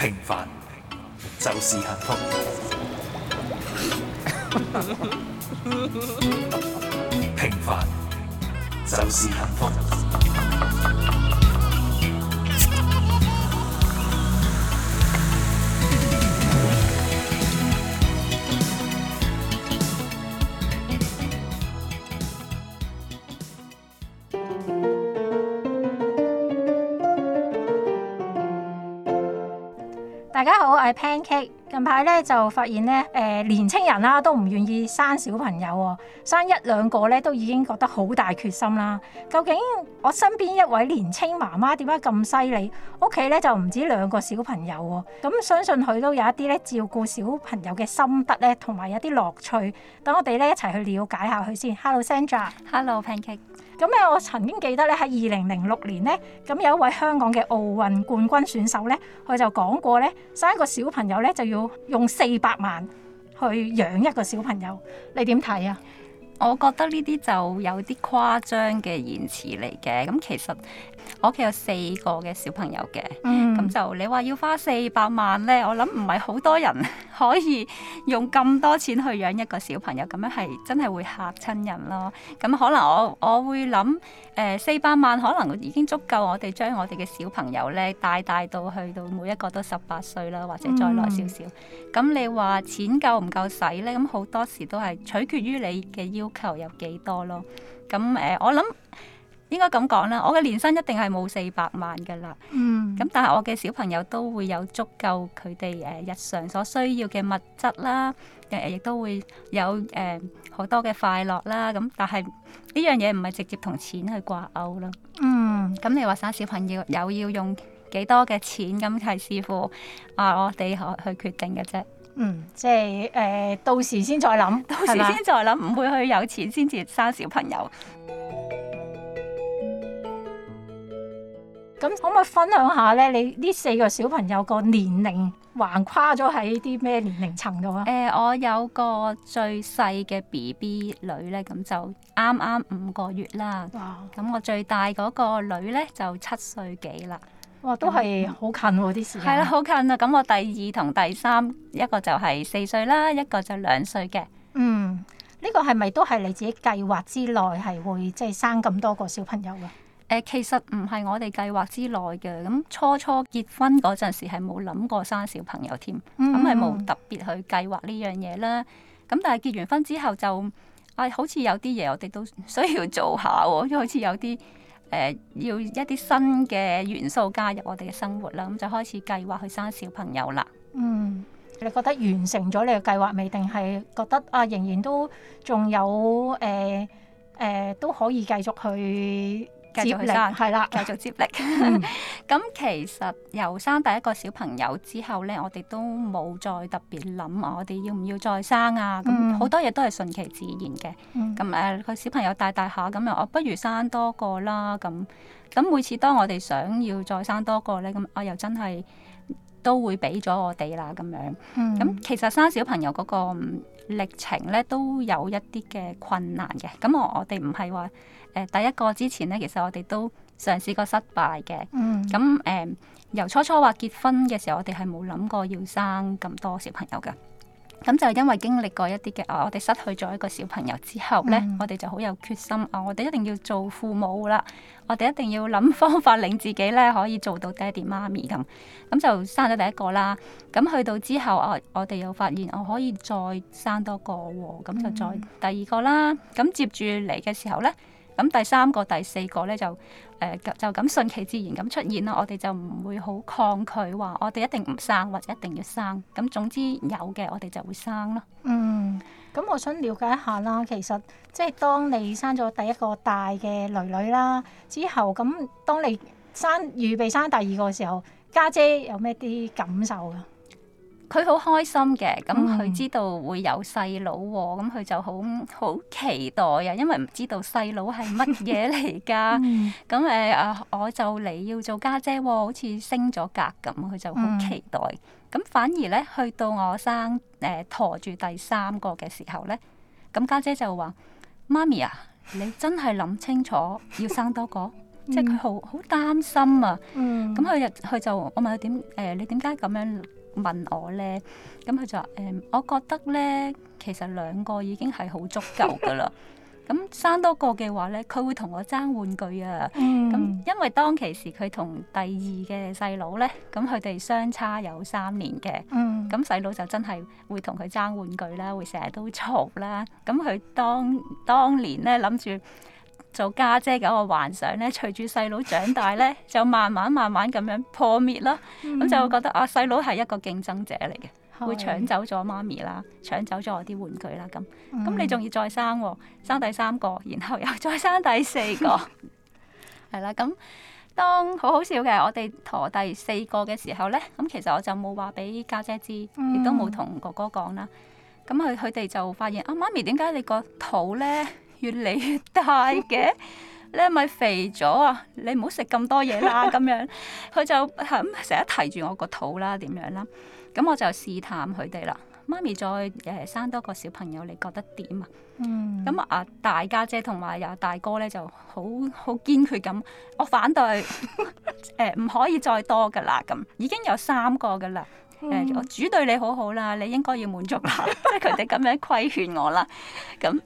平凡就是幸福， Pancake 近排咧就發現咧，誒、呃，年青人啦都唔願意生小朋友，生一兩個咧都已經覺得好大決心啦。究竟我身邊一位年青媽媽點解咁犀利？屋企咧就唔止兩個小朋友，咁相信佢都有一啲咧照顧小朋友嘅心得咧，同埋有啲樂趣。等我哋咧一齊去了解下佢先。Hello Sandra。Hello Pancake，Hello, Pan 咁咧，我曾經記得咧，喺二零零六年咧，咁有一位香港嘅奧運冠軍選手咧，佢就講過咧，生一個小朋友咧就要用四百萬去養一個小朋友，你點睇啊？我覺得呢啲就有啲誇張嘅言辭嚟嘅。咁其實我屋企有四個嘅小朋友嘅，咁、嗯、就你話要花四百萬咧，我諗唔係好多人，可以用咁多錢去養一個小朋友，咁樣係真係會嚇親人咯。咁可能我我會諗，誒四百萬可能已經足夠我哋將我哋嘅小朋友咧帶大，大到去到每一個都十八歲啦，或者再耐少少。咁、嗯、你話錢夠唔夠使咧？咁好多時都係取決於你嘅要求有幾多咯。咁誒、呃，我諗。應該咁講啦，我嘅年薪一定係冇四百萬嘅啦。嗯，咁但係我嘅小朋友都會有足夠佢哋誒日常所需要嘅物質啦，誒亦都會有誒好多嘅快樂啦。咁但係呢樣嘢唔係直接同錢去掛鈎啦。嗯，咁你話生小朋友有要用幾多嘅錢？咁係視乎，啊，我哋去去決定嘅啫。嗯，即係誒、呃，到時先再諗，到時先再諗，唔吧會去有錢先至生小朋友。咁可唔可以分享下咧？你呢四個小朋友個年齡橫跨咗喺啲咩年齡層度啊？誒、呃，我有個最細嘅 BB 女咧，咁就啱啱五個月啦。哇！咁我最大嗰個女咧就七歲幾啦。哇！都係好近喎，啲時間。係啦，好近啊！咁我第二同第三一個就係四歲啦，一個就兩歲嘅。嗯，呢、這個係咪都係你自己計劃之內係會即係、就是、生咁多個小朋友啊？誒，其實唔係我哋計劃之內嘅，咁初初結婚嗰陣時係冇諗過生小朋友添，咁係冇特別去計劃呢樣嘢啦。咁但係結完婚之後就啊、哎，好似有啲嘢我哋都需要做下喎、哦，因為好似有啲誒、呃、要一啲新嘅元素加入我哋嘅生活啦，咁就開始計劃去生小朋友啦。嗯，你覺得完成咗你嘅計劃未？定係覺得啊，仍然都仲有誒誒、呃呃、都可以繼續去？繼續去生，係啦、接力，繼續接力。咁、 嗯、其實由生第一個小朋友之後咧，我哋都冇再特別諗、啊，我哋要唔要再生啊？咁好多嘢都係順其自然嘅。咁誒、嗯，佢、呃、小朋友大大下，咁、嗯、又我不如生多個啦。咁咁每次當我哋想要再生多個咧，咁我又真係都會俾咗我哋啦。咁樣咁、嗯、其實生小朋友嗰個歷程咧，都有一啲嘅困難嘅。咁我我哋唔係話。誒、呃、第一個之前咧，其實我哋都嘗試過失敗嘅。咁誒、嗯呃，由初初話結婚嘅時候，我哋係冇諗過要生咁多小朋友㗎。咁就因為經歷過一啲嘅，啊，我哋失去咗一個小朋友之後咧，嗯、我哋就好有決心，啊，我哋一定要做父母啦，我哋一定要諗方法令自己咧可以做到爹哋媽咪咁。咁就生咗第一個啦。咁去到之後，啊，我哋又發現我可以再生多個喎。咁就再第二個啦。咁接住嚟嘅時候咧。咁第三個、第四個呢就誒、呃、就咁順其自然咁出現啦，我哋就唔會好抗拒話，我哋一定唔生或者一定要生。咁總之有嘅，我哋就會生咯。嗯，咁我想了解一下啦，其實即係當你生咗第一個大嘅囡囡啦之後，咁當你生預備生第二個嘅時候，家姐，姐有咩啲感受啊？佢好開心嘅，咁佢知道會有細佬喎，咁佢就好好期待啊，因為唔知道細佬係乜嘢嚟㗎。咁誒誒，我就嚟要做家姐喎，好似升咗格咁，佢就好期待。咁 反而咧，去到我生誒、呃、陀住第三個嘅時候咧，咁家姐就話：媽咪啊，你真係諗清楚要生多個？ 即係佢好好擔心啊！咁佢日佢就我問佢點誒？你點解咁樣問我咧？咁佢就話誒、呃，我覺得咧，其實兩個已經係好足夠噶啦。咁生 多個嘅話咧，佢會同我爭玩具啊！咁、嗯、因為當其時佢同第二嘅細佬咧，咁佢哋相差有三年嘅。咁細佬就真係會同佢爭玩具啦，會成日都嘈啦。咁佢當當年咧諗住。做家姐嗰個幻想咧，隨住細佬長大咧， 就慢慢慢慢咁樣破滅啦。咁就、嗯、覺得啊，細佬係一個競爭者嚟嘅，是會搶走咗媽咪啦，搶走咗我啲玩具啦咁。咁、嗯、你仲要再生、喔，生第三個，然後又再生第四個，係 啦。咁當好好笑嘅，我哋陀第四個嘅時候咧，咁其實我就冇話俾家姐知，亦都冇同哥哥講啦。咁佢佢哋就發現啊，媽咪點解你個肚咧？越嚟越大嘅，你係咪肥咗啊！你唔好食咁多嘢啦，咁樣佢就係咁成日提住我個肚啦，點樣啦？咁我就試探佢哋啦。媽咪再誒、呃、生多個小朋友，你覺得點啊？嗯。咁啊，大家姐同埋也大哥咧就好好堅決咁，我反對誒，唔、呃、可以再多噶啦。咁已經有三個噶啦。誒，我、嗯、主對你好好啦，你應該要滿足下，即係佢哋咁樣規勸我啦。咁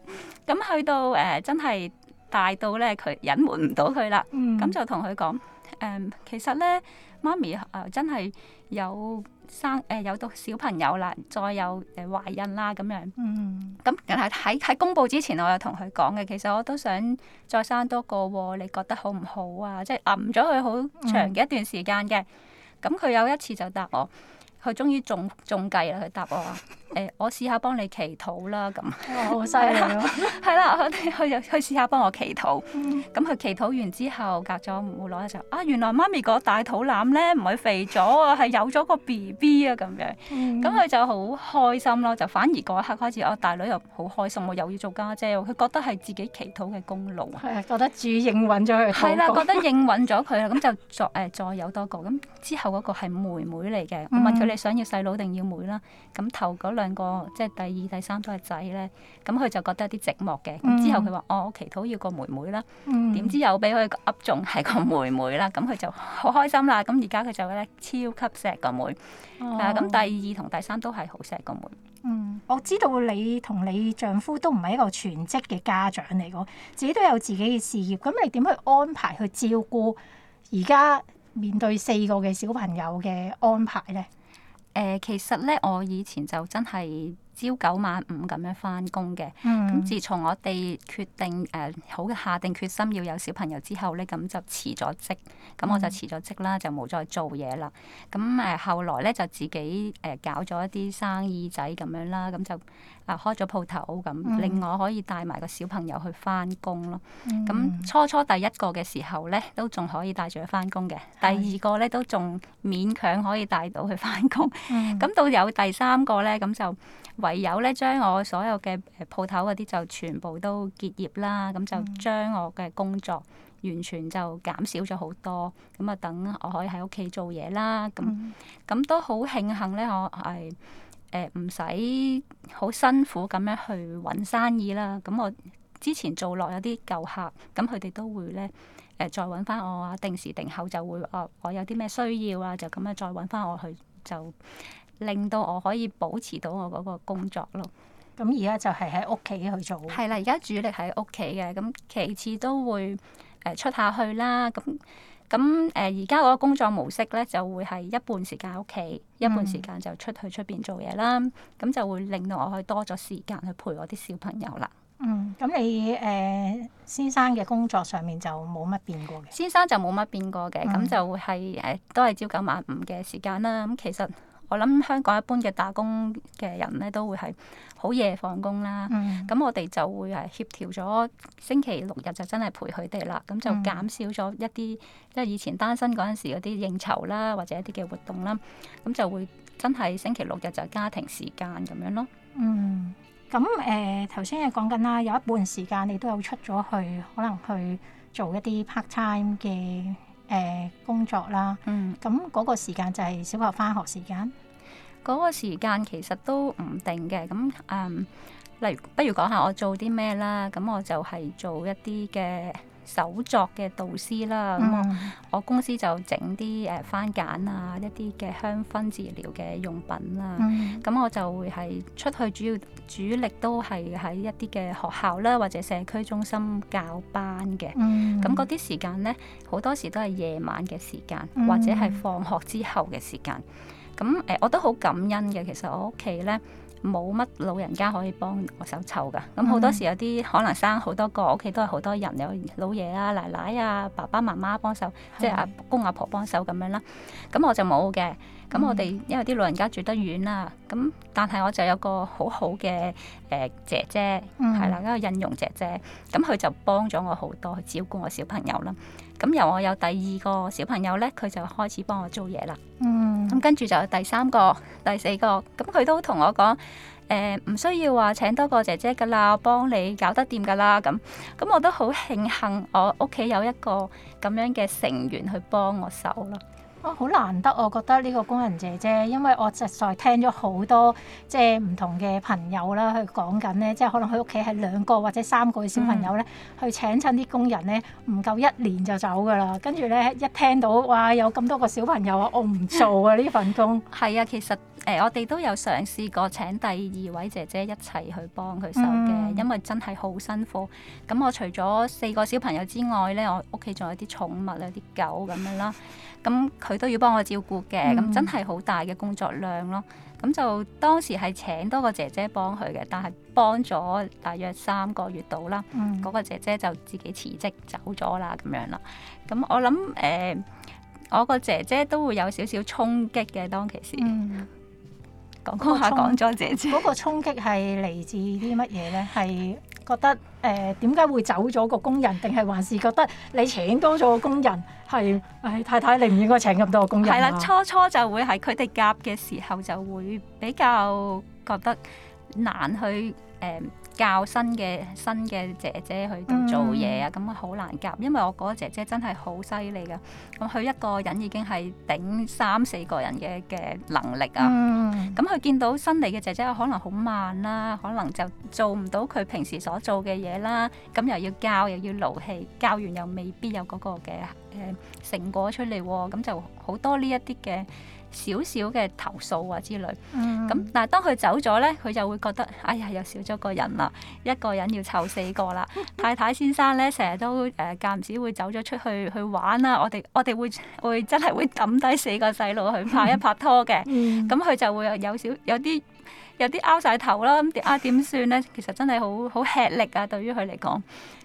咁去到誒、呃，真係大到咧，佢隱瞞唔到佢啦。咁、嗯、就同佢講誒，其實咧，媽咪啊、呃，真係有生誒、呃、有到小朋友啦，再有誒懷孕啦咁樣。嗯。咁然後喺喺公佈之前，我有同佢講嘅，其實我都想再生多個喎、哦，你覺得好唔好啊？即係諗咗佢好長嘅一段時間嘅。咁佢有一次就答我。佢終於中中計啦！佢答我話。誒，我試下幫你祈禱、so、geliyor, 啦，咁好犀利咯！係啦，佢又去去試下幫我祈禱。咁佢、um. 祈禱完之後，隔咗唔會耐，就啊，原來媽咪個大肚腩咧唔係肥咗啊，係有咗個 BB 啊咁樣。咁佢就好開心咯，就反而嗰一刻開始我大女又好開心喎，又要做家姐喎。佢覺得係自己祈禱嘅功勞，覺得主應允咗佢。係啦，覺得應允咗佢啊，咁就再有多個。咁之後嗰個係妹妹嚟嘅，我問佢你想要細佬定要妹啦。咁頭嗰兩。就是兩個即係第二、第三都係仔咧，咁佢就覺得有啲寂寞嘅。之後佢話、嗯、哦，我祈禱要個妹妹啦，點、嗯、知又俾佢噏仲係個妹妹啦，咁佢就好開心啦。咁而家佢就咧超級錫個妹、妹，啊咁、哦、第二同第三都係好錫個妹。嗯，我知道你同你丈夫都唔係一個全職嘅家長嚟嘅，自己都有自己嘅事業，咁你點去安排去照顧而家面對四個嘅小朋友嘅安排咧？誒，其實咧，我以前就真係。朝九晚五咁樣翻工嘅，咁、嗯、自從我哋決定誒、呃、好下定決心要有小朋友之後咧，咁就辭咗職，咁、嗯、我就辭咗職啦，就冇再做嘢啦。咁、嗯、誒後來咧就自己誒、呃、搞咗一啲生意仔咁樣啦，咁就啊開咗鋪頭咁，另外可以帶埋個小朋友去翻工咯。咁、嗯嗯嗯、初初第一個嘅時候咧，都仲可以帶住佢翻工嘅，的第二個咧都仲勉強可以帶到佢翻工，咁、嗯嗯、到有第三個咧咁就。唯有咧將我所有嘅鋪頭嗰啲就全部都結業啦，咁就將我嘅工作完全就減少咗好多，咁啊等我可以喺屋企做嘢啦，咁咁都好慶幸咧，我係誒唔使好辛苦咁樣去揾生意啦。咁我之前做落有啲舊客，咁佢哋都會咧誒再揾翻我啊，定時定候就會啊，我有啲咩需要啊，就咁樣再揾翻我去就。令到我可以保持到我嗰個工作咯。咁而家就係喺屋企去做。係啦，而家主力喺屋企嘅，咁其次都會誒出下去啦。咁咁誒，而家、呃、我嘅工作模式咧就會係一半時間喺屋企，一半時間就出去出邊做嘢啦。咁、嗯、就會令到我去多咗時間去陪我啲小朋友啦。嗯，咁你誒、呃、先生嘅工作上面就冇乜變過嘅。先生就冇乜變過嘅，咁、嗯、就會係誒、呃、都係朝九晚五嘅時間啦。咁其實。我諗香港一般嘅打工嘅人咧，都會係好夜放工啦。咁、嗯、我哋就會係協調咗星期六日就真係陪佢哋啦。咁就減少咗一啲即係以前單身嗰陣時嗰啲應酬啦，或者一啲嘅活動啦。咁就會真係星期六日就家庭時間咁樣咯。嗯，咁誒頭先係講緊啦，有一半時間你都有出咗去，可能去做一啲 part time 嘅。誒、呃、工作啦，咁、嗯、嗰個時間就係小學返學時間，嗰個時間其實都唔定嘅。咁誒、嗯，例如不如講下我做啲咩啦？咁我就係做一啲嘅手作嘅導師啦，咁我、嗯、我公司就整啲誒番梘啊，一啲嘅香薰治療嘅用品啦、啊。咁、嗯、我就會係出去，主要主力都係喺一啲嘅學校啦，或者社區中心教班嘅。咁嗰啲時間咧，好多時都係夜晚嘅時間，嗯、或者係放學之後嘅時間。咁誒、呃，我都好感恩嘅。其實我屋企咧，冇乜老人家可以幫我手湊噶，咁好多時有啲、嗯、可能生好多個屋企都係好多人，有老爺啊、奶奶啊、爸爸媽媽幫手，吧即係阿公阿婆,婆幫手咁樣啦。咁我就冇嘅，咁我哋、嗯、因為啲老人家住得遠啦，咁但係我就有個好好嘅誒姐姐，係啦、嗯，一個印傭姐姐，咁佢就幫咗我好多，去照顧我小朋友啦。咁由我有第二個小朋友呢，佢就開始幫我做嘢啦。嗯，咁跟住就第三個、第四個，咁佢都同我講，誒、呃、唔需要話請多個姐姐㗎喇，幫你搞得掂㗎喇。咁咁我都好慶幸，我屋企有一個咁樣嘅成員去幫我手咯。好、哦、難得，我覺得呢個工人姐姐，因為我實在聽咗好多即係唔同嘅朋友啦，去講緊咧，即、就、係、是、可能佢屋企係兩個或者三個小朋友咧，嗯、去請親啲工人咧，唔夠一年就走噶啦。跟住咧，一聽到哇，有咁多個小朋友啊，我唔做啊呢份工。係啊，其實誒、呃、我哋都有嘗試過請第二位姐姐一齊去幫佢手嘅，嗯、因為真係好辛苦。咁我除咗四個小朋友之外咧，我屋企仲有啲寵物啊，啲狗咁樣啦。咁佢都要幫我照顧嘅，咁真係好大嘅工作量咯。咁就當時係請多個姐姐幫佢嘅，但係幫咗大約三個月到啦。嗰個姐姐就自己辭職走咗啦，咁樣啦。咁我諗誒，我個姐姐都會有少少衝擊嘅當其時。嗯、講講下講咗姐姐，嗰個衝擊係嚟自啲乜嘢咧？係。覺得誒點解會走咗個工人？定係還是覺得你請多咗個工人？係誒、哎、太太，你唔應該請咁多個工人。係啦，初初就會喺佢哋夾嘅時候就會比較覺得。難去誒、呃、教新嘅新嘅姐姐去做嘢啊，咁啊好難教，因為我嗰個姐姐真係好犀利噶，咁佢一個人已經係頂三四個人嘅嘅能力啊。咁佢、嗯、見到新嚟嘅姐姐可能好慢啦、啊，可能就做唔到佢平時所做嘅嘢啦，咁又要教又要勞氣，教完又未必有嗰個嘅誒成果出嚟、啊，咁就好多呢一啲嘅。少少嘅投訴啊之類，咁、嗯、但係當佢走咗咧，佢就會覺得哎呀，又少咗個人啦，一個人要湊四個啦。 太太先生咧，成日都誒間唔時會走咗出去去玩啦。我哋我哋會會真係會抌低四個細路去拍一拍拖嘅，咁佢、嗯嗯、就會有少有啲有啲拗晒頭啦。咁啊點算咧？其實真係好好吃力啊，對於佢嚟講。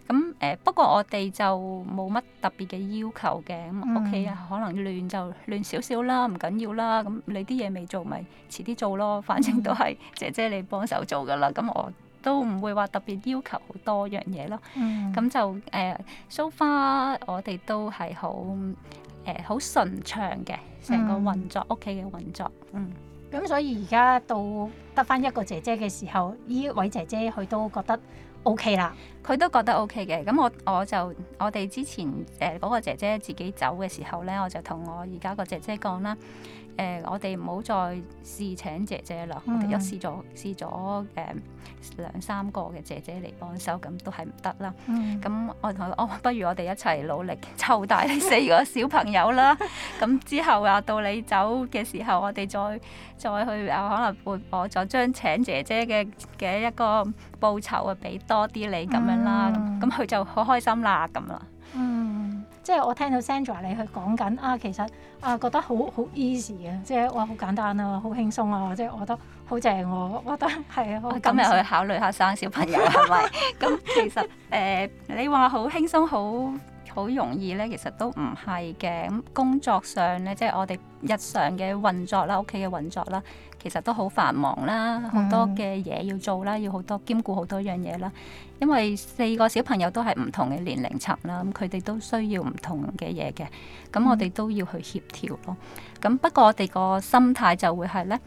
咁誒、嗯、不過我哋就冇乜特別嘅要求嘅，屋企啊可能亂就亂少少啦，唔緊要啦。咁你啲嘢未做咪遲啲做咯，反正都係姐姐你幫手做噶啦。咁、嗯嗯、我都唔會話特別要求好多樣嘢咯。咁、嗯嗯、就誒、呃、so far 我哋都係好誒好順暢嘅成個運作，屋企嘅運作。嗯。咁所以而家到得翻一個姐姐嘅時候，呢一位姐姐佢都覺得。O K 啦，佢、okay、都覺得 O K 嘅。咁我我就我哋之前誒嗰、呃嗰個姐姐自己走嘅時候咧，我就同我而家個姐姐講啦。誒、呃，我哋唔好再試請姐姐啦。嗯、我哋一試咗試咗誒、嗯、兩三個嘅姐姐嚟幫手，咁都係唔得啦。咁、嗯、我同佢哦，不如我哋一齊努力湊大你四個小朋友啦。咁 之後啊，到你走嘅時候，我哋再再去啊，可能會我再將請姐姐嘅嘅一個報酬啊，俾多啲你咁樣啦。咁咁佢就好開心啦，咁啦。即係我聽到 Sandra 你去講緊啊，其實啊覺得好好 easy 啊，即係哇好簡單啊，好輕鬆啊，即係我覺得好正喎，我覺得係啊，我，我今日去考慮下生小朋友係咪？咁 其實誒、呃，你話好輕鬆好。好容易咧，其實都唔係嘅。咁工作上咧，即係我哋日常嘅運作啦，屋企嘅運作啦，其實都好繁忙啦，好多嘅嘢要做啦，要好多兼顧好多樣嘢啦。因為四個小朋友都係唔同嘅年齡層啦，咁佢哋都需要唔同嘅嘢嘅，咁我哋都要去協調咯。咁不過我哋個心態就會係咧。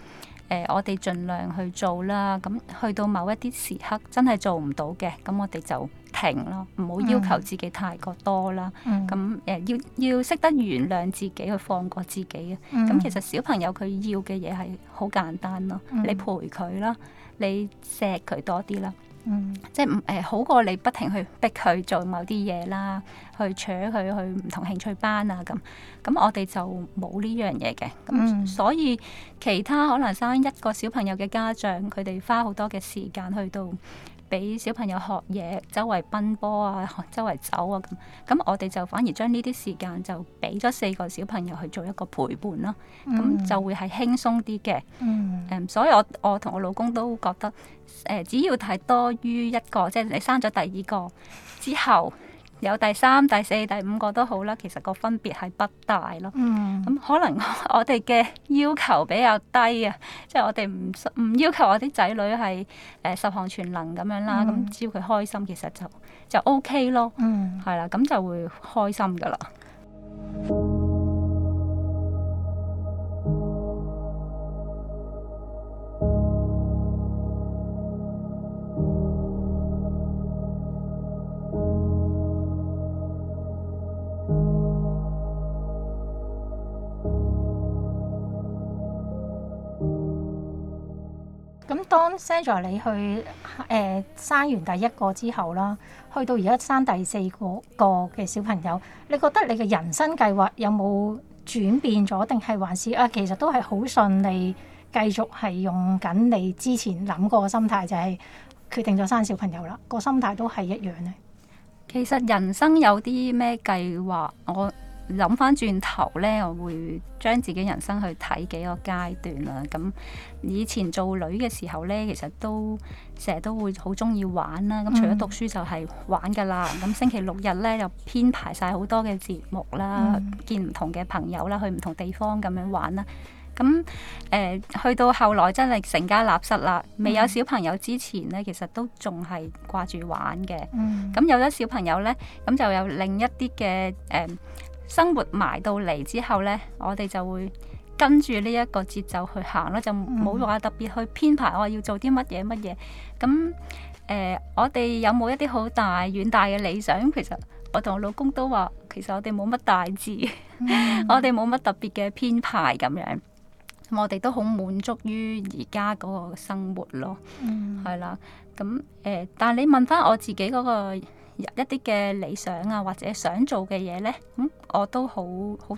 誒、呃，我哋盡量去做啦。咁去到某一啲時刻，真係做唔到嘅，咁我哋就停咯，唔好要、要求自己太過多啦。咁誒、嗯啊，要要識得原諒自己，去放過自己、嗯、啊。咁其實小朋友佢要嘅嘢係好簡單咯，嗯、你陪佢啦，你錫佢多啲啦。嗯，即係誒、呃、好過你不停去逼佢做某啲嘢啦，去扯佢去唔同興趣班啊咁，咁我哋就冇呢樣嘢嘅，咁所以其他可能生一個小朋友嘅家長，佢哋花好多嘅時間去到。俾小朋友學嘢，周圍奔波啊，周圍走啊咁，咁我哋就反而將呢啲時間就俾咗四個小朋友去做一個陪伴咯、啊，咁就會係輕鬆啲嘅。嗯，um, 所以我我同我老公都覺得，誒、呃，只要係多於一個，即係你生咗第二個之後。有第三、第四、第五個都好啦，其實個分別係不大咯。咁、嗯嗯、可能我哋嘅要求比較低啊，即係我哋唔唔要求我啲仔女係誒、呃、十項全能咁樣啦。咁只要佢開心，其實就就 OK 咯。係、嗯、啦，咁就會開心噶啦。Sandra，你去誒、欸、生完第一個之後啦，去到而家生第四個個嘅小朋友，你覺得你嘅人生計劃有冇轉變咗？定係還是，還是啊，其實都係好順利，繼續係用緊你之前諗過嘅心態，就係、是、決定咗生小朋友啦。個心態都係一樣咧。其實人生有啲咩計劃我？諗翻轉頭呢，我會將自己人生去睇幾個階段啦、啊。咁以前做女嘅時候呢，其實都成日都會好中意玩啦、啊。咁除咗讀書就係玩噶啦。咁星期六日呢，就編排晒好多嘅節目啦，嗯、見唔同嘅朋友啦，去唔同地方咁樣玩啦、啊。咁誒、呃、去到後來真係成家立室啦，嗯、未有小朋友之前呢，其實都仲係掛住玩嘅。咁、嗯、有咗小朋友呢，咁就有另一啲嘅誒。呃生活埋到嚟之後呢，我哋就會跟住呢一個節奏去行啦，就冇話特別去編排我要做啲乜嘢乜嘢。咁誒、呃，我哋有冇一啲好大遠大嘅理想？其實我同我老公都話，其實我哋冇乜大志，嗯嗯 我哋冇乜特別嘅編排咁樣。我哋都好滿足於而家嗰個生活咯。嗯，係啦。咁誒、呃，但係你問翻我自己嗰、嗰個，一啲嘅理想啊，或者想做嘅嘢呢，咁、嗯、我都好好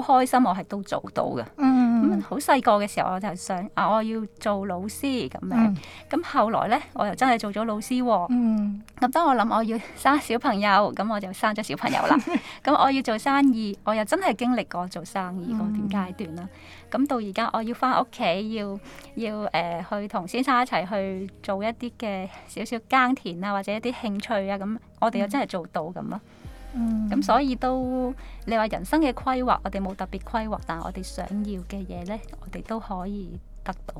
好開心，我係都做到嘅。嗯，好細個嘅時候我就想啊，我要做老師咁樣。咁、嗯、後來呢，我又真係做咗老師喎。嗯。咁當我諗我要生小朋友，咁我就生咗小朋友啦。咁 我要做生意，我又真係經歷過做生意嗰段階段啦。嗯咁到而家，我要翻屋企，要要誒、呃、去同先生一齊去做一啲嘅少少耕田啊，或者一啲興趣啊，咁我哋又真係做到咁囉。咁、嗯、所以都你話人生嘅規劃，我哋冇特別規劃，但係我哋想要嘅嘢呢，我哋都可以得到。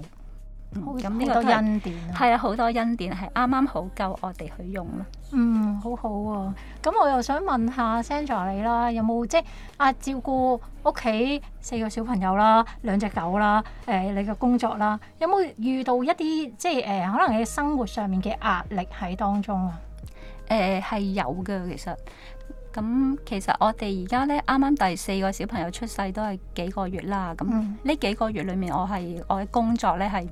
咁呢、嗯、個都係係啊，好多恩典啊，好多恩典係啱啱好夠我哋去用咯。嗯，好好啊。咁我又想問下 Sandra 你啦，有冇即係啊照顧屋企四個小朋友啦，兩隻狗啦，誒、呃、你嘅工作啦，有冇遇到一啲即係誒、呃、可能喺生活上面嘅壓力喺當中啊？誒係、呃、有㗎，其實。咁其實我哋而家咧啱啱第四個小朋友出世都係幾個月啦，咁呢幾個月裏面我係我嘅工作咧係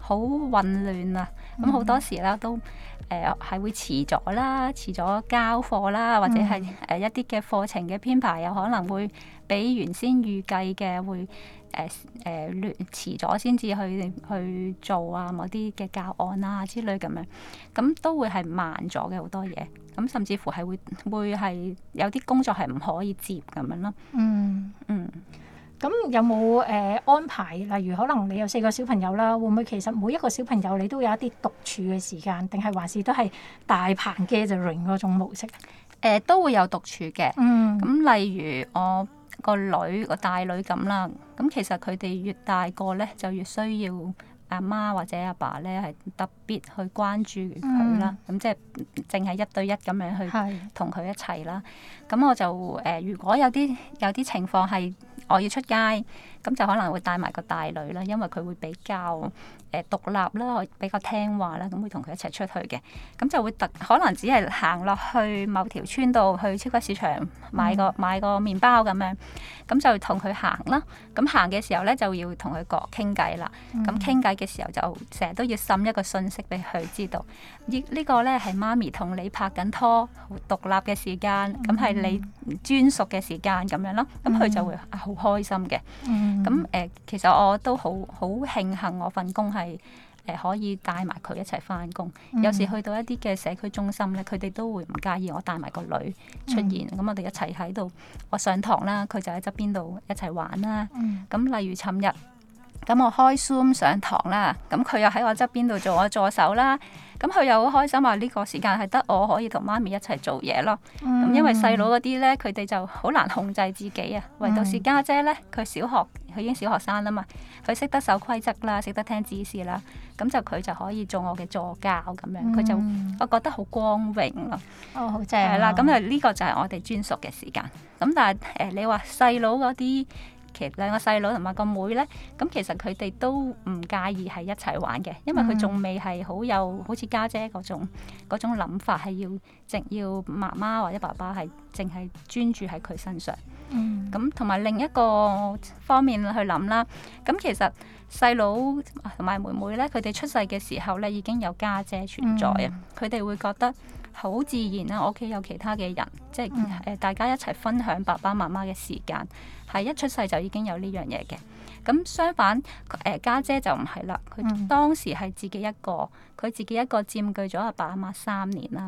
好混亂啊，咁好多時啦都誒係會遲咗啦，遲咗交課啦，或者係誒一啲嘅課程嘅編排有可能會比原先預計嘅會。誒誒、呃、遲咗先至去去做啊，某啲嘅教案啊之類咁樣，咁都會係慢咗嘅好多嘢，咁甚至乎係會會係有啲工作係唔可以接咁樣咯。嗯嗯，咁、嗯、有冇誒、呃、安排？例如可能你有四個小朋友啦，會唔會其實每一個小朋友你都有一啲獨處嘅時間，定係還是都係大棚嘅，就 gathering 嗰種模式？誒、呃、都會有獨處嘅。嗯，咁、嗯、例如我。個女個大女咁啦，咁其實佢哋越大個咧，就越需要阿媽或者阿爸咧係特別去關注佢啦。咁、嗯、即係淨係一對一咁樣去同佢一齊啦。咁是我就誒、呃，如果有啲有啲情況係我要出街。咁就可能會帶埋個大女啦，因為佢會比較誒獨立啦，比較聽話啦，咁會同佢一齊出去嘅。咁就會特可能只係行落去某條村度去超級市場買個、嗯、買個麵包咁樣，咁就同佢行啦。咁行嘅時候咧，就要同佢講傾偈啦。咁傾偈嘅時候就成日都要滲一個信息俾佢知道。依、這個、呢個咧係媽咪同你拍緊拖獨立嘅時間，咁係你專屬嘅時間咁樣咯。咁佢就會好開心嘅。嗯咁誒，嗯嗯、其實我都好好慶幸我份工係誒可以帶埋佢一齊返工。嗯、有時去到一啲嘅社區中心咧，佢哋都會唔介意我帶埋個女出現。咁、嗯嗯、我哋一齊喺度，我上堂啦，佢就喺側邊度一齊玩啦。咁、嗯、例如尋日。咁我開 Zoom 上堂啦，咁佢又喺我側邊度做我助手啦，咁佢又好開心話呢個時間係得我可以同媽咪一齊做嘢咯。咁、嗯、因為細佬嗰啲咧，佢哋就好難控制自己啊。唯獨是家姐咧，佢小學，佢已經小學生啦嘛，佢識得守規則啦，識得聽指示啦，咁就佢就可以做我嘅助教咁樣，佢、嗯、就我覺得好光榮咯。哦，好正啦、啊。係啦，咁啊呢個就係我哋專屬嘅時間。咁但係誒、呃，你話細佬嗰啲。其實兩個細佬同埋個妹呢，咁其實佢哋都唔介意係一齊玩嘅，因為佢仲未係好有好似家姐嗰種嗰種諗法，係要淨要媽媽或者爸爸係淨係專注喺佢身上。咁同埋另一個方面去諗啦，咁其實細佬同埋妹妹呢，佢哋出世嘅時候呢，已經有家姐存在啊，佢哋、嗯、會覺得。好自然啦，我屋企有其他嘅人，即係、呃嗯、大家一齊分享爸爸媽媽嘅時間，係一出世就已經有呢樣嘢嘅。咁相反，誒、呃、家姐，姐就唔係啦，佢當時係自己一個，佢自己一個佔據咗阿爸阿媽，媽三年啦。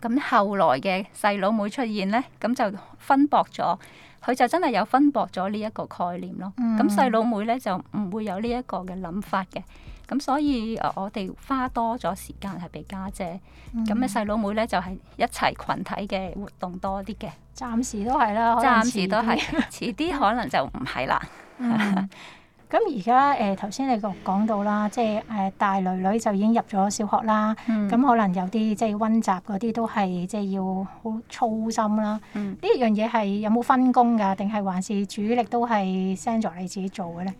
咁係後來嘅細佬妹出現呢，咁就分薄咗，佢就真係有分薄咗呢一個概念咯。咁細佬妹呢，就唔會有呢一個嘅諗法嘅。咁所以我哋花多咗時間係俾家姐，咁嘅細佬妹咧就係、是、一齊群體嘅活動多啲嘅。暫時都係啦，暫時都係， 遲啲可能就唔係啦。咁而家誒頭先你講到啦，即係誒大女女就已經入咗小學啦，咁、嗯、可能有啲即係溫習嗰啲都係即係要好操心啦。呢、嗯、樣嘢係有冇分工㗎？定係還是主力都係 send 咗你自己做嘅咧？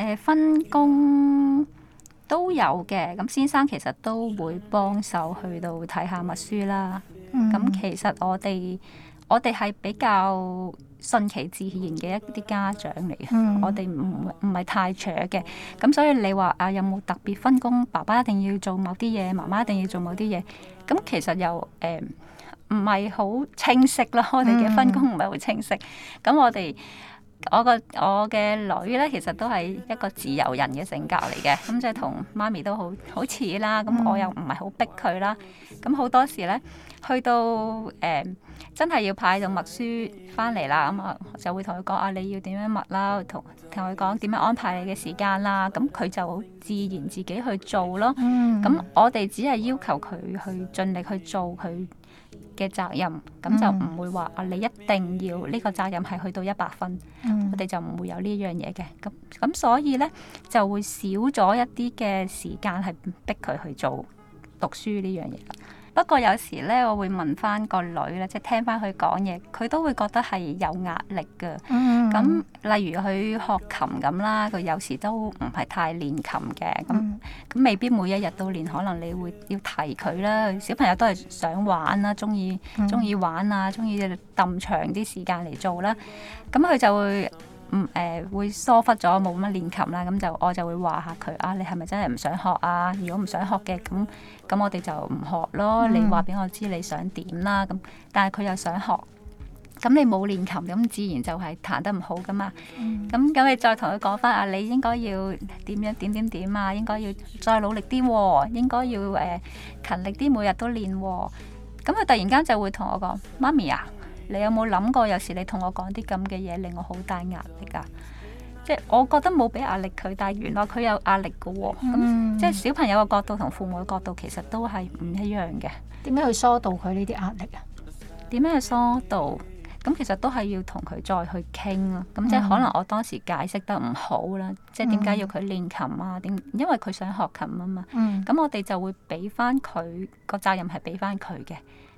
誒、呃、分工都有嘅，咁、嗯、先生其實都會幫手去到睇下密書啦。咁、嗯嗯、其實我哋我哋係比較順其自然嘅一啲家長嚟嘅，嗯、我哋唔唔係太扯嘅。咁、嗯、所以你話啊，有冇特別分工？爸爸一定要做某啲嘢，媽媽一定要做某啲嘢。咁、嗯、其實又誒唔係好清晰咯。我哋嘅分工唔係好清晰。咁、嗯、我哋。我個我嘅女咧，其實都係一個自由人嘅性格嚟嘅，咁即係同媽咪都好好似啦。咁我又唔係好逼佢啦。咁好多時咧，去到誒、呃、真係要派做默書翻嚟啦。咁啊，我就會同佢講啊，你要點樣默啦，同同佢講點樣安排你嘅時間啦。咁佢就自然自己去做咯。咁、嗯、我哋只係要求佢去盡力去做佢。嘅責任，咁就唔會話、嗯、啊！你一定要呢個責任係去到一百分，我哋、嗯、就唔會有呢樣嘢嘅。咁咁所以呢，就會少咗一啲嘅時間係逼佢去做讀書呢樣嘢。不過有時呢，我會問翻個女咧，即、就、係、是、聽翻佢講嘢，佢都會覺得係有壓力噶。嗯咁，嗯、例如佢學琴咁啦，佢有時都唔係太練琴嘅，咁咁、嗯、未必每一日都練。可能你會要提佢啦，小朋友都係想玩啦，中意中意玩啊，中意抌長啲時間嚟做啦。咁佢就會唔誒、呃、會疏忽咗冇乜練琴啦。咁就我就會話下佢啊，你係咪真係唔想學啊？如果唔想學嘅，咁咁我哋就唔學咯。你話俾我知你想點啦。咁、嗯、但係佢又想學。咁你冇練琴，咁自然就係彈得唔好噶嘛。咁咁、嗯、你再同佢講翻啊，你應該要點樣點點點啊，應該要再努力啲、哦，應該要誒、呃、勤力啲，每日都練、哦。咁佢突然間就會同我講：嗯、媽咪啊，你有冇諗過有時你同我講啲咁嘅嘢，令我好大壓力啊？即係我覺得冇俾壓力佢，但係原來佢有壓力噶喎、哦。咁、嗯、即係小朋友嘅角度同父母嘅角度其實都係唔一樣嘅。點樣去疏導佢呢啲壓力啊？點樣去疏導？咁其實都係要同佢再去傾咯、啊，咁即係可能我當時解釋得唔好啦，嗯、即係點解要佢練琴啊？點因為佢想學琴啊嘛，咁、嗯、我哋就會俾翻佢個責任係俾翻佢嘅。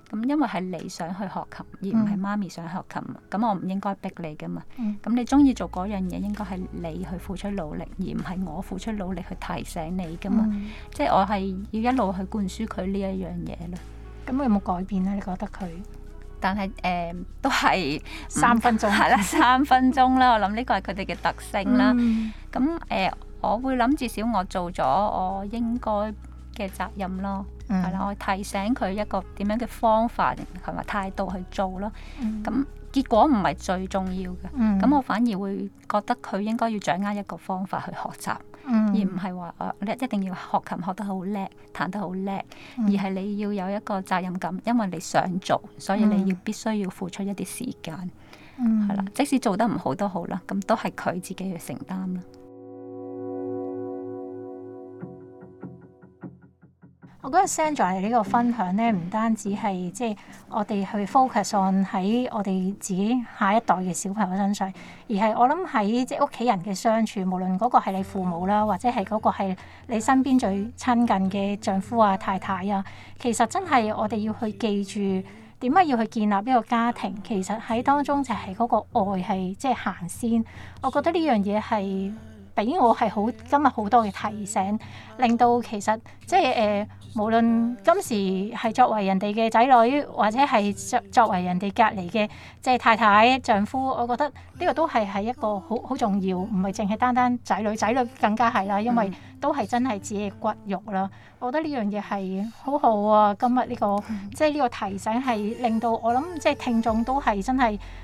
咁因為係你想去學琴，而唔係媽咪想學琴，咁、嗯、我唔應該逼你噶嘛。咁、嗯、你中意做嗰樣嘢，應該係你去付出努力，而唔係我付出努力去提醒你噶嘛。嗯、即係我係要一路去灌輸佢呢一樣嘢咯。咁我有冇改變咧、啊？你覺得佢？但係誒、呃，都係三分鐘係啦， 三分鐘啦。我諗呢個係佢哋嘅特性啦。咁誒、嗯呃，我會諗至少我做咗我應該嘅責任咯。係啦、嗯，我提醒佢一個點樣嘅方法同埋態度去做咯。咁、嗯、結果唔係最重要嘅。咁、嗯、我反而會覺得佢應該要掌握一個方法去學習。而唔係話誒，一一定要學琴學得好叻，彈得好叻，而係你要有一個責任感，因為你想做，所以你要必須要付出一啲時間，係啦、嗯，即使做得唔好，好都好啦，咁都係佢自己去承擔啦。我覺得 Sandra 呢個分享呢，唔單止係即係我哋去 focus on 喺我哋自己下一代嘅小朋友身上，而係我諗喺即係屋企人嘅相處，無論嗰個係你父母啦，或者係嗰個係你身邊最親近嘅丈夫啊、太太啊，其實真係我哋要去記住點解要去建立一個家庭。其實喺當中就係嗰個愛係即係行先。我覺得呢樣嘢係。俾我係好今日好多嘅提醒，令到其實即係誒、呃，無論今時係作為人哋嘅仔女，或者係作作為人哋隔離嘅即係太太丈夫，我覺得呢個都係係一個好好重要，唔係淨係單單仔女仔女更加係啦，因為都係真係自己嘅骨肉啦。我覺得呢樣嘢係好好啊！今日呢、呢個即係呢個提醒係令到我諗即係聽眾都係真係。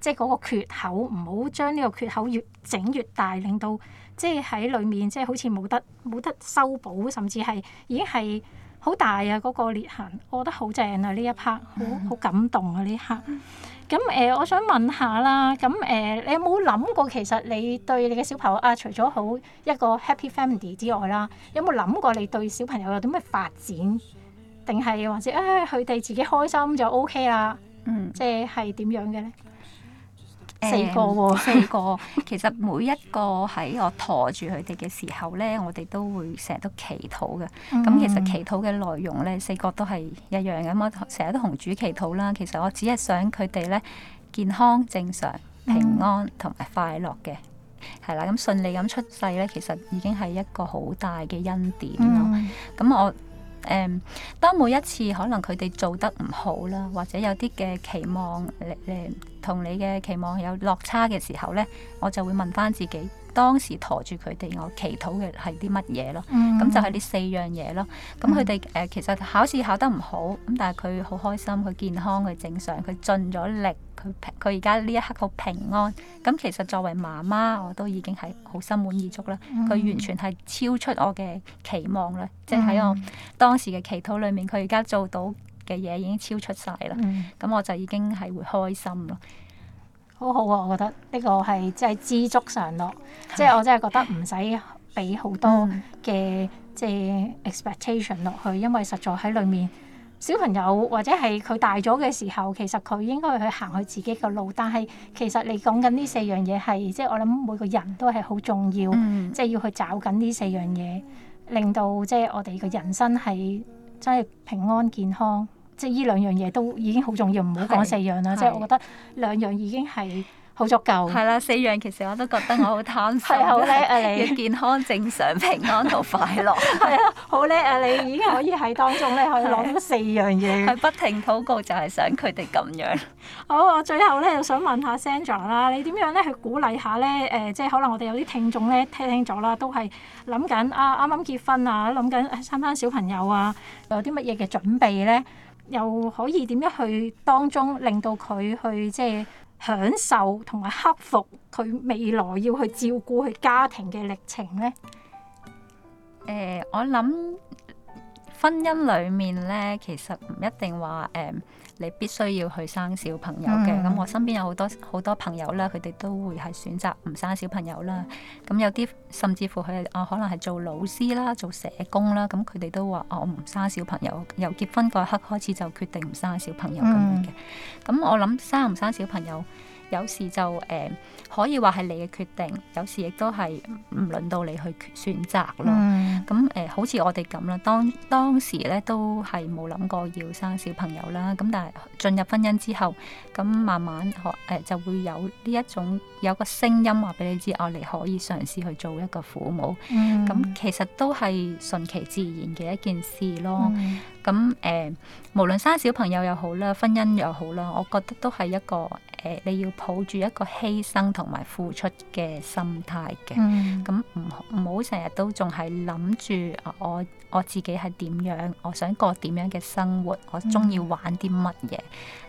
即係嗰個缺口，唔好將呢個缺口越整越大，令到即係喺裡面，即係好似冇得冇得修補，甚至係已經係好大啊！嗰、嗰個裂痕，我覺得好正啊！呢一 part 好好感動啊！呢一 part 咁誒，我想問下啦，咁誒、呃，你有冇諗過其實你對你嘅小朋友啊，除咗好一個 happy family 之外啦、啊，有冇諗過你對小朋友有啲咩發展，定係或者誒佢哋自己開心就 O K 啦？Okay、嗯，即係點樣嘅咧？四個喎，四個， 其實每一個喺我駝住佢哋嘅時候咧，我哋都會成日都祈禱嘅。咁、嗯、其實祈禱嘅內容咧，四個都係一樣嘅。咁我成日都同主祈禱啦。其實我只係想佢哋咧，健康正常、平安同埋快樂嘅。係、嗯、啦，咁順利咁出世咧，其實已經係一個好大嘅恩典咯。咁我、嗯。嗯 Um, 當每一次可能佢哋做得唔好啦，或者有啲嘅期望嚟同、嗯、你嘅期望有落差嘅時候咧，我就會問翻自己。當時陀住佢哋，我祈禱嘅係啲乜嘢咯？咁、嗯、就係呢四樣嘢咯。咁佢哋誒其實考試考得唔好，咁但係佢好開心，佢健康，佢正常，佢盡咗力，佢佢而家呢一刻好平安。咁其實作為媽媽，我都已經係好心滿意足啦。佢、嗯、完全係超出我嘅期望啦，即係喺我當時嘅祈禱裏面，佢而家做到嘅嘢已經超出晒啦。咁、嗯、我就已經係會開心咯。好好啊，我覺得呢個係即係知足常樂，的即係我真係覺得唔使俾好多嘅、嗯、即係 expectation 落去，因為實在喺裏面小朋友或者係佢大咗嘅時候，其實佢應該去行佢自己嘅路。但係其實你講緊呢四樣嘢係，即係我諗每個人都係好重要，嗯、即係要去找緊呢四樣嘢，令到即係我哋嘅人生係真係平安健康。即依兩樣嘢都已經好重要，唔好講四樣啦。即我覺得兩樣已經係好足夠。係啦、啊，四樣其實我都覺得我好貪心。係 好叻啊！你健康、正常、平安同快樂。係 啊，好叻啊！你已經可以喺當中咧，可以攞到四樣嘢。去不停禱告，就係、是、想佢哋咁樣。好，我最後咧又想問下 Sandra 啦，你點樣咧去鼓勵下咧？誒、呃，即可能我哋有啲聽眾咧聽聽咗啦，都係諗緊啊，啱啱結婚啊，諗緊生翻小朋友啊，有啲乜嘢嘅準備咧？又可以點樣去當中令到佢去即係享受同埋克服佢未來要去照顧佢家庭嘅歷程呢？誒、呃，我諗。婚姻裏面咧，其實唔一定話誒、嗯，你必須要去生小朋友嘅。咁、嗯、我身邊有好多好多朋友咧，佢哋都會係選擇唔生小朋友啦。咁有啲甚至乎佢啊，可能係做老師啦、做社工啦，咁佢哋都話：哦、啊，我唔生小朋友，由結婚嗰刻開始就決定唔生小朋友咁樣嘅。咁我諗生唔生小朋友，有時就誒、呃、可以話係你嘅決定，有時亦都係唔輪到你去選擇咯。咁誒、嗯呃，好似我哋咁啦，當當時咧都係冇諗過要生小朋友啦。咁但係進入婚姻之後，咁慢慢學誒、呃、就會有呢一種有一個聲音話俾你知，我、啊、哋可以嘗試去做一個父母。咁、嗯、其實都係順其自然嘅一件事咯。咁誒、嗯呃，無論生小朋友又好啦，婚姻又好啦，我覺得都係一個。誒、呃，你要抱住一個犧牲同埋付出嘅心態嘅，咁唔唔好成日都仲係諗住我我自己係點樣，我想過點樣嘅生活，我中意玩啲乜嘢，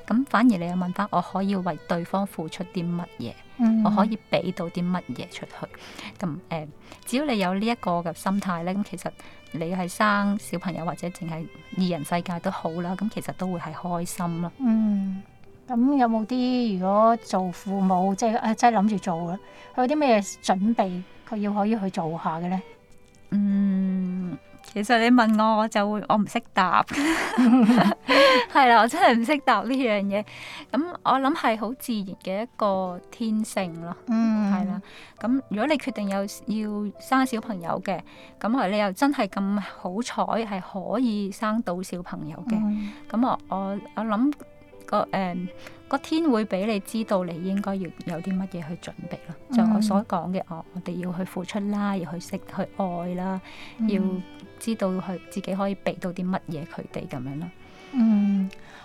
咁、嗯、反而你又問翻，我可以為對方付出啲乜嘢？嗯、我可以俾到啲乜嘢出去？咁誒、呃，只要你有呢一個嘅心態咧，咁其實你係生小朋友或者淨係二人世界都好啦，咁其實都會係開心囉。嗯。咁有冇啲如果做父母，即係即係諗住做啦？佢有啲咩準備佢要可以去做下嘅咧？嗯，其實你問我，我就會我唔識答。係 啦， 我真係唔識答呢樣嘢。咁我諗係好自然嘅一個天性咯。嗯，係啦。咁如果你決定有要生小朋友嘅，咁啊你又真係咁好彩，係可以生到小朋友嘅。咁啊、嗯，我我諗。個誒、嗯、個天會俾你知道，你應該要有啲乜嘢去準備咯。嗯、就我所講嘅、啊，我我哋要去付出啦，要去識去愛啦，嗯、要知道去自己可以俾到啲乜嘢佢哋咁樣咯。嗯。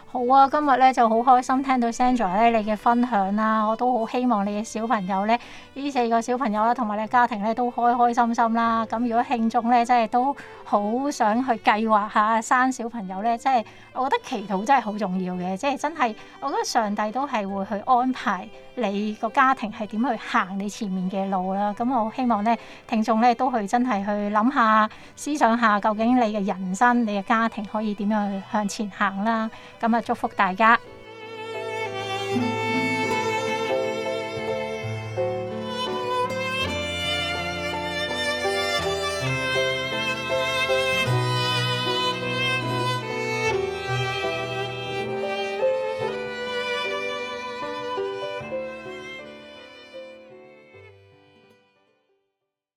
好啊，今日咧，就好開心聽到 Sandra 咧，你嘅分享啦，我都好希望你嘅小朋友咧，呢四個小朋友啦，同埋你嘅家庭咧，都開開心心啦。咁如果聽眾咧，即係都好想去計劃下生小朋友咧，即係我覺得祈禱真係好重要嘅，即係真係，我覺得上帝都係會去安排你個家庭係點去行你前面嘅路啦。咁我希望咧，聽眾咧，都真去真係去諗下，思想下究竟你嘅人生、你嘅家庭可以點樣去向前行啦。咁啊，祝福大家！